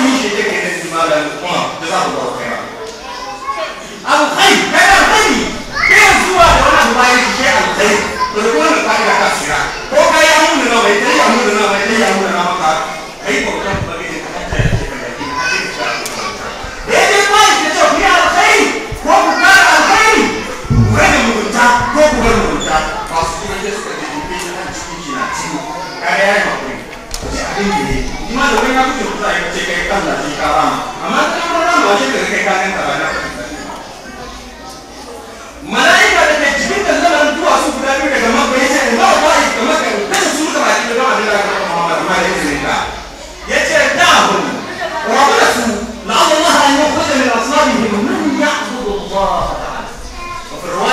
Moi, j'étais addini ne kuma da wani ya ba ba ba ba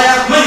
yi ba yi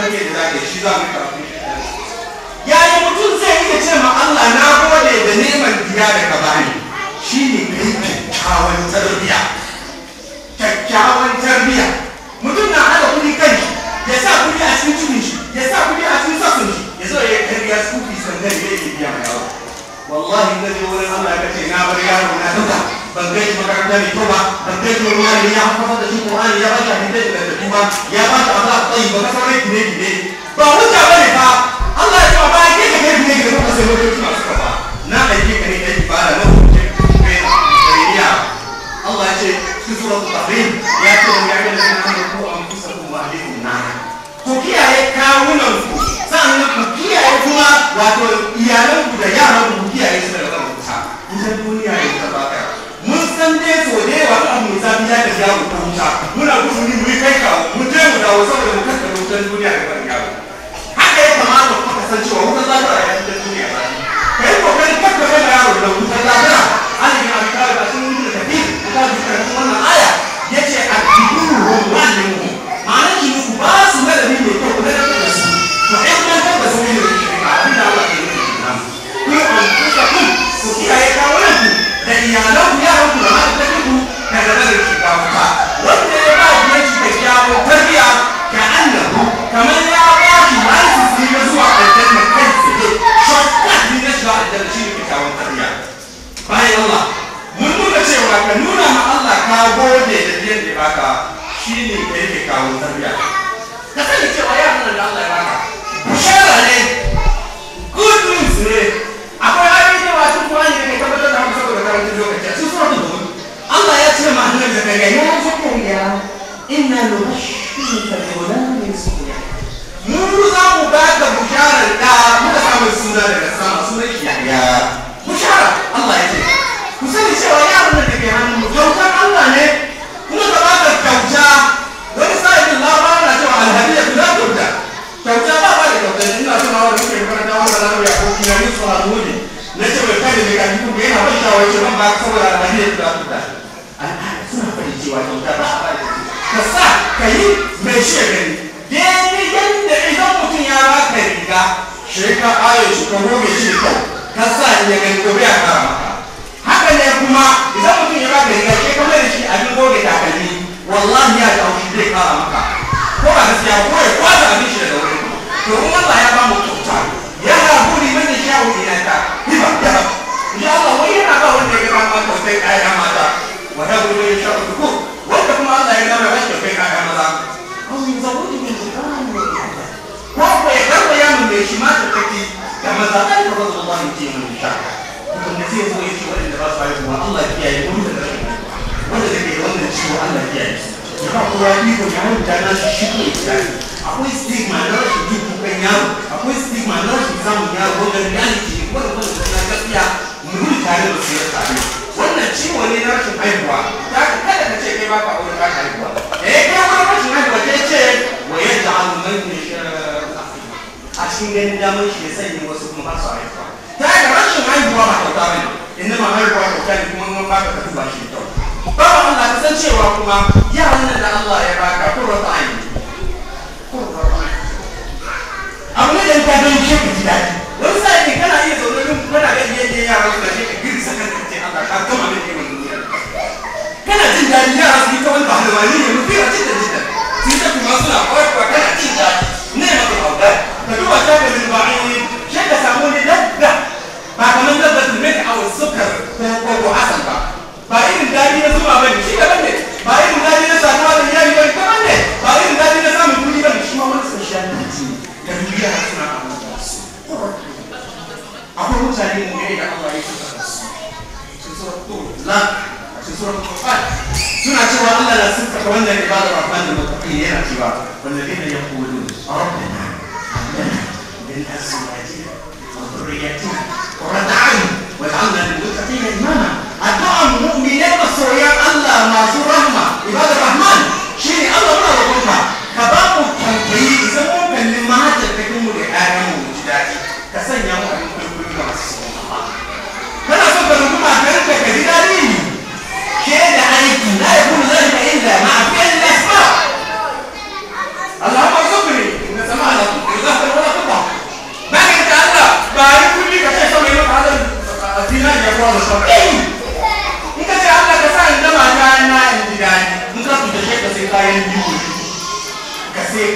muke da zage shi za mu karatu yaya mutum zai iya ce ma Allah na gode da neman biya daga ka bani shi ne kai kyakkyawan tarbiyya kyakkyawan tarbiyya mutum na haɗa kuɗi kan shi ya sa kuɗi a cikin cikin shi ya sa kuɗi a cikin sassan shi ya zo ya karya su fi sannan ya yi biya mai yawa wallahi zai wurin Allah ya ce na bar yaro na duka ban kai shi makaranta mai kyau ba ban kai shi ruwani ya hafa da shi Qur'ani ya baka hadisi da tafi ba ya baka abu a tsayi ba ka sanar Allah ya ce ba ke ka gine gine ba ka sai mutunci masu kafa na aiki ka ne ka yi fara Allah ya ce su ya ce ya ga da nan da ku an kusa ku wa alaikum na ku kiyaye kawunan ku sannan ku kiyaye kuma wato iyalan ku da yaran ku kiyaye san dai so da yawa an mu zafi ya da yawo ta wuta muna gudu ni yi kai ka mu je mu dawo saboda mu kakkaɓe wutan duniya da ban yawo haka ya kamata kuma ka san cewa wutan zafi a yayin da duniya ba ka yi kokarin kakkaɓe da yawo da an yi abin da ba sun yi da tafi ka ji kuma na aya ya ce a cikin ruwan ne mu ma'ana ki ku ba su madadi mai ku da su ko ai kuma tabbas ne da shi abin da Allah ke yi ku an kusa ku ku kiyaye kawunan ku da iyalan ku yaran ku da gode da biyan da baka shi ne ka yake kawo tarbiya ka sani cewa yau tunanin tsaro ne na ce mai kai da mai kafin kuma yana wata wace ban ba saboda a ne ya tura tuta suna faɗi cewa kyauta ba ka sa ka yi mai shi gani daidai yadda idan mutum ya ba ka riga shi ka ayo shi ka goge shi da kyau ka sa ya gani ko ya kara maka haka ne kuma idan mutum ya ba ka riga shi ka mai da shi abin goge takalmi wallahi ya ta haushi zai kara maka ko ba gaskiya ko ya kwata abin shi daga wuri to kuma ba mu'minata liman tahab insha Allah wai yana ba wanda ya gaba mata sai ƴaƴa mata wa yabu ya shafa duku wanda kuma Allah ya gaba rashin sai ƴaƴa maza aw min zawuji min zukan ko ko ya gaba ya mun shi ma ta take da maza ai ba zan ba ni mun sha kun da zai zo ya ce wanda ba su haihuwa Allah ya kiyaye mun da wanda da ke wannan Allah ya kiyaye ya ba kowa iko ya hanta na shi shi ne akwai stigma na rashin jin kukan yaro samu ya gogar ya liki kuma da wanda suna gaskiya mu gudu tare da su ya tare wannan ciwo ne na rashin haihuwa ta ka kada ka ce kai ba ka aure ba ka haihuwa eh kai wani rashin haihuwa ta ce wa yadda abu mai ne a cikin ganin damar shi ya sanya wasu kuma ba su haihuwa ta da rashin haihuwa ba kyauta ba ne inda ma haihuwa kyauta ne kuma mun baka ka duba shi kyau ba Allah ka san cewa kuma yaran nan da Allah ya baka kurrata aini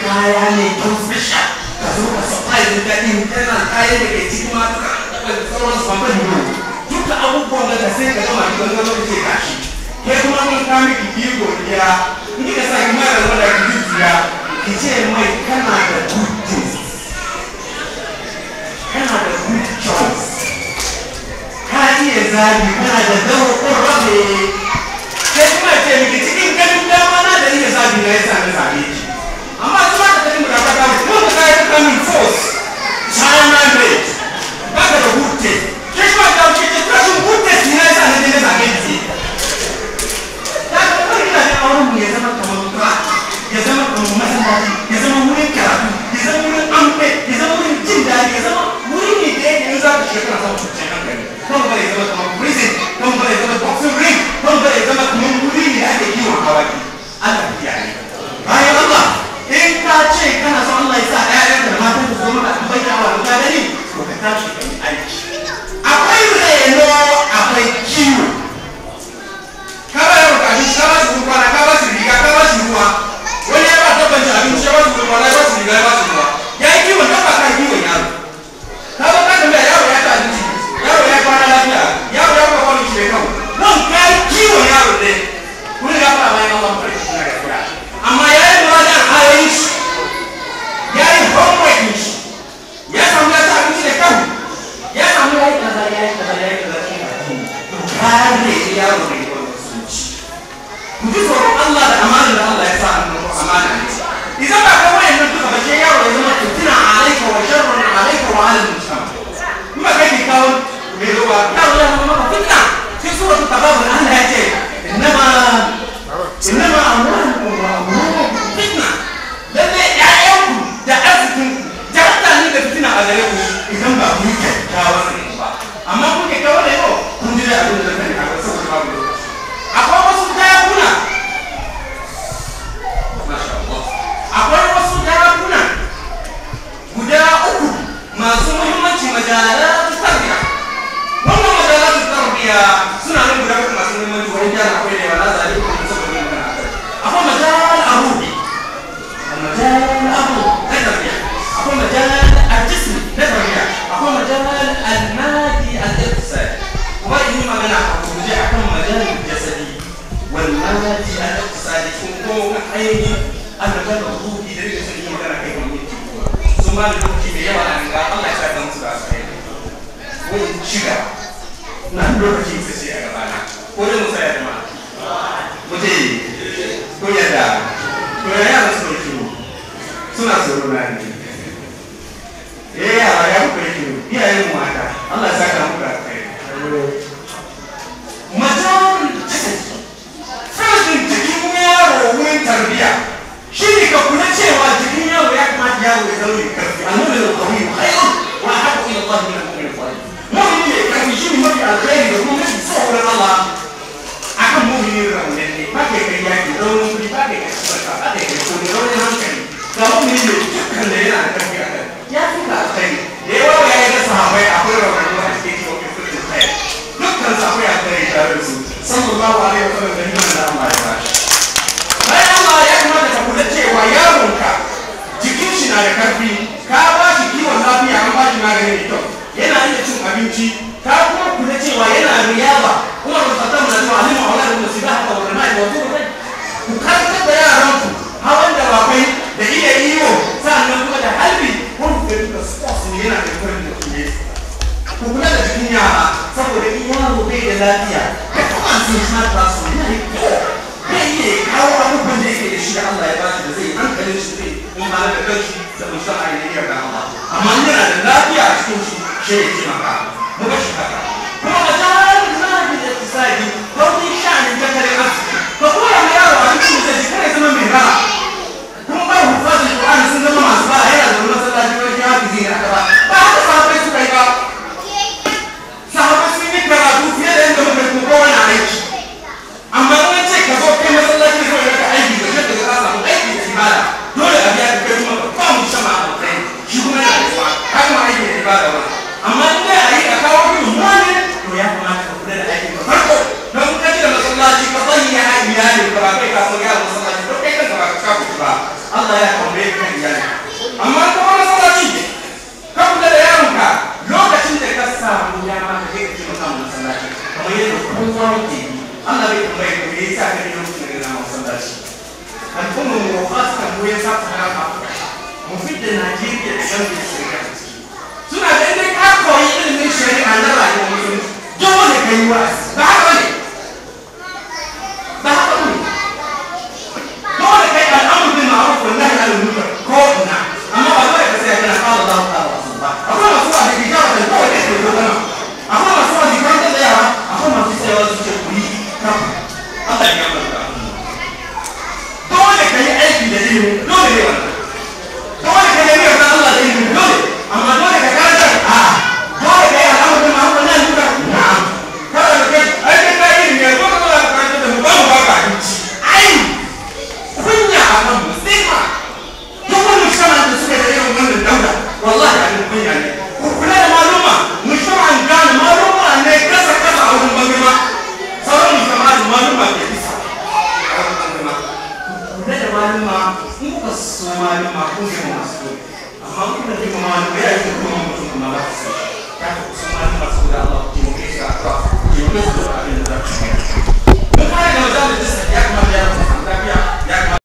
kai kaya ne don ka zo ka supply da ke cikin mata da sauran su ban yi duka abubuwan da sai ka gama ki ganga lokaci ka shi ke kuma mun ka miki biyu godiya ni ka sa ki mara wanda ki dukiya ki ce mai kana da good kana da good choice ka iya zabi kana da dawo ko rabe ke kuma ce miki cikin ganin dama na da iya zabi na ya sami zabi and kuma ainihi an da kan ruhu idan da sun yi kai wani su sun da lokaci mai yawa a riga Allah ya sa ga musu da su kai wani shiga na lokacin da sai a gaba na ko da musa ya zama mutu ko yadda ko ya yara suna tsoro suna tsoro na ne tarbiya shi ne ka kula cewa jikin yaro ya kamata ya zama mai karfi nuna da kawai ba ai kuma wa haka ila Allah min kuma mumin salih ne karfi shi ne mafi alkhairi da kuma mafi tsoron Allah a kan raunin ne ba kai kai yaki ba kai kai ba kai kai ne dukkan da yana da ya fi ka alkhairi da yawa yi sahabai akwai kai dukkan sahabai a tare da su sallallahu alaihi wa sallam lafiya ka kama sun sha ne yana yi ne iya kawo abubuwan da yake da shi Allah ya bashi da zai hankalin shi zai in ba da kanshi da mu san ainihin yarda Allah amma na da lafiya a cikin shi shi ya taimaka mu ba shi haka kuma a jarar zaɓi da tisari wani sha'anin tattalin arziki ka koya ma yaro a cikin zai kare zama mai ra'a authority Allah bai kuma yi kuma yasa ka yi mutum da nama masallaci al'ummar mu khasatan mu ya saka haka mu fidda Najeriya da san da shari'a suna da inda ka koyi ilimin shari'a na rayuwar mutum dole ka yi wa'azi